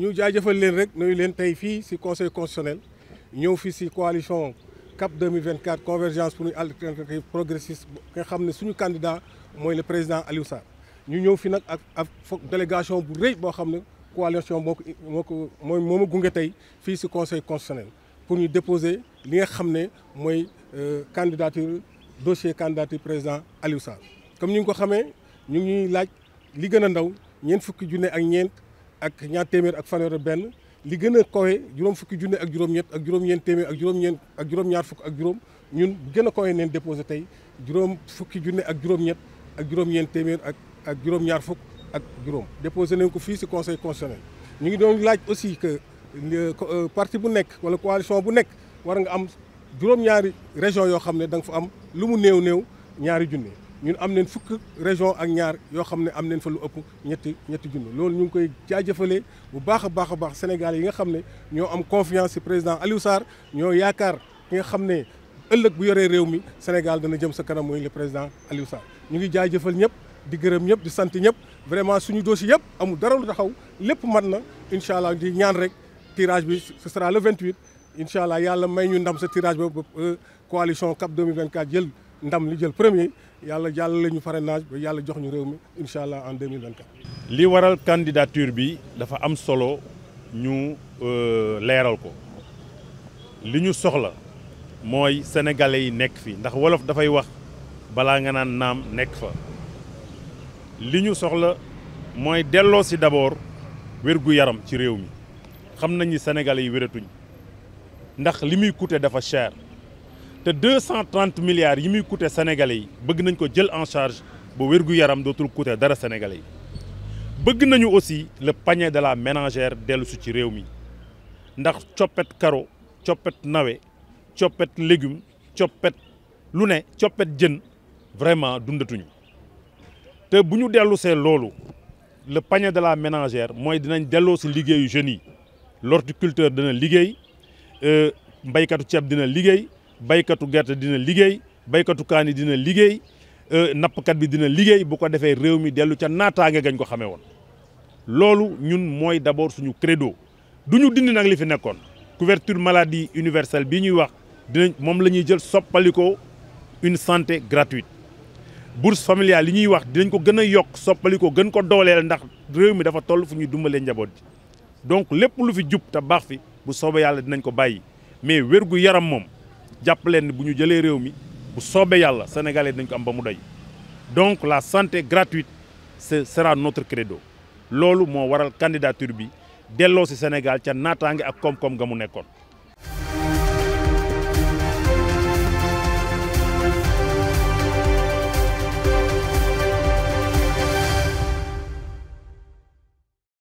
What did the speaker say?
Nous avons fait rek nuyu conseil constitutionnel ñëw fait la coalition CAP 2024 convergence pour les alternative progressiste nous avons fait suñu candidat du le président Aliou Sarr Nous avons fait la délégation bu la coalition de ko conseil constitutionnel pour nous déposer li nga xam le euh, candidature dossier candidature président Aliou Sarr comme nous le savons, nous ñu fait laaj li gën ndaw ñeent ak ñaar téeméer ak fanweer benn li gën a kawe juróom fukki junne ak juróom-ñett ak juróom-ñeent téeméer ak juróom-ñeent ak juróom-ñaar fukk ak juróom ñun gën a kawe neen déposé tey juróom fukki junne ak juróom-ñett ak juróom-ñeent téeméer ak ak juróom-ñaar fukk ak juróom déposé nañ ko fii ci conseil constitutionnel ñu ngi doon laaj aussi que euh, parti bu nekk wala coalition bu nekk war nga am juróom-ñaari région yoo xam ne da nga fa am lu mu néew néew ñaari junne ñun am nañ fukk région ak ñaar yoo xam ne am nañ fa lu ëpp ñetti ñetti junni loolu ñu ngi koy jaajëfalee bu baax a baax a baax Sénégal yi nga xam ne ñoo am confiance ci président Aliou Sarr ñoo yaakaar ki nga xam ne ëllëg bu yoree réew mi Sénégal dana jëm sa kanam mooy le président Aliou Sarr ñu ngi jaajëfal ñëpp di gërëm ñëpp di sant ñëpp vraiment suñu dossier yëpp amul dara lu taxaw lépp mat na incha allah di ñaan rek tirage bi ce sera le 28 incha allah yàlla may ñu ndam sa tirage ba euh, coalition CAP 2024 jël ndam li jël premier yàlla jàll lañu parrainage ba yalla jox ñu réew mi inshallah en 2024 li waral candidature bi dafa am solo ñu euh léral ko li ñu soxla moy sénégalais yi nekk fi ndax wolof dafay wax bala nga nan nam nekk fa li ñu soxla moy dello si d'abord wérgu yaram ci réew mi xam nañ ni sénégalais yi wératuñ ndax limuy coûter dafa cher te 230 milliards yi muy coûter sénégalais yi bëgg nañ ko jël en charge ba wér yaram dootul coûter dara sénégalais yi bëgg nañu aussi le panier de la ménagère dellu si ci réew mi ndax coppet karo coppet nawe coppet légume coppet lu ne coppet jën vraiment dundatuñu te bu ñu dellu see loolu le panier de la ménagère mooy dinañ delloo si liggéeyu jeunes yi l'horticulteur dina liggéey euh, mbaykatu ceeb dina liguey. baykatu gerte dina liggéey baykatu kaani dina liggéey euh, nappkat bi dina liggéey bu ko defee réew mi dellu ca naataange gañ ko xamee woon loolu ñun mooy d'abord suñu credo du ñu dindi nag li fi nekkoon couverture maladie universelle bi ñuy wax dinañ moom la ñuy jël soppalikoo une santé gratuite bourse familiale li ñuy wax dinañ ko gën a yokk soppalikoo gën ko dooleel ndax réew mi dafa toll fu ñuy dumbalee njaboot ji donc lépp lu fi jub te baax fi bu soobee yàlla dinañ ko bàyyi mais wér yaram moom jàpp buñu ne bu réew mi bu sobé yalla sénégalais dañ ko am ba doy donc la santé gratuite ce sera notre credo lolu mo waral candidature bi délo ci Sénégal ca naataange ak koom-koom nga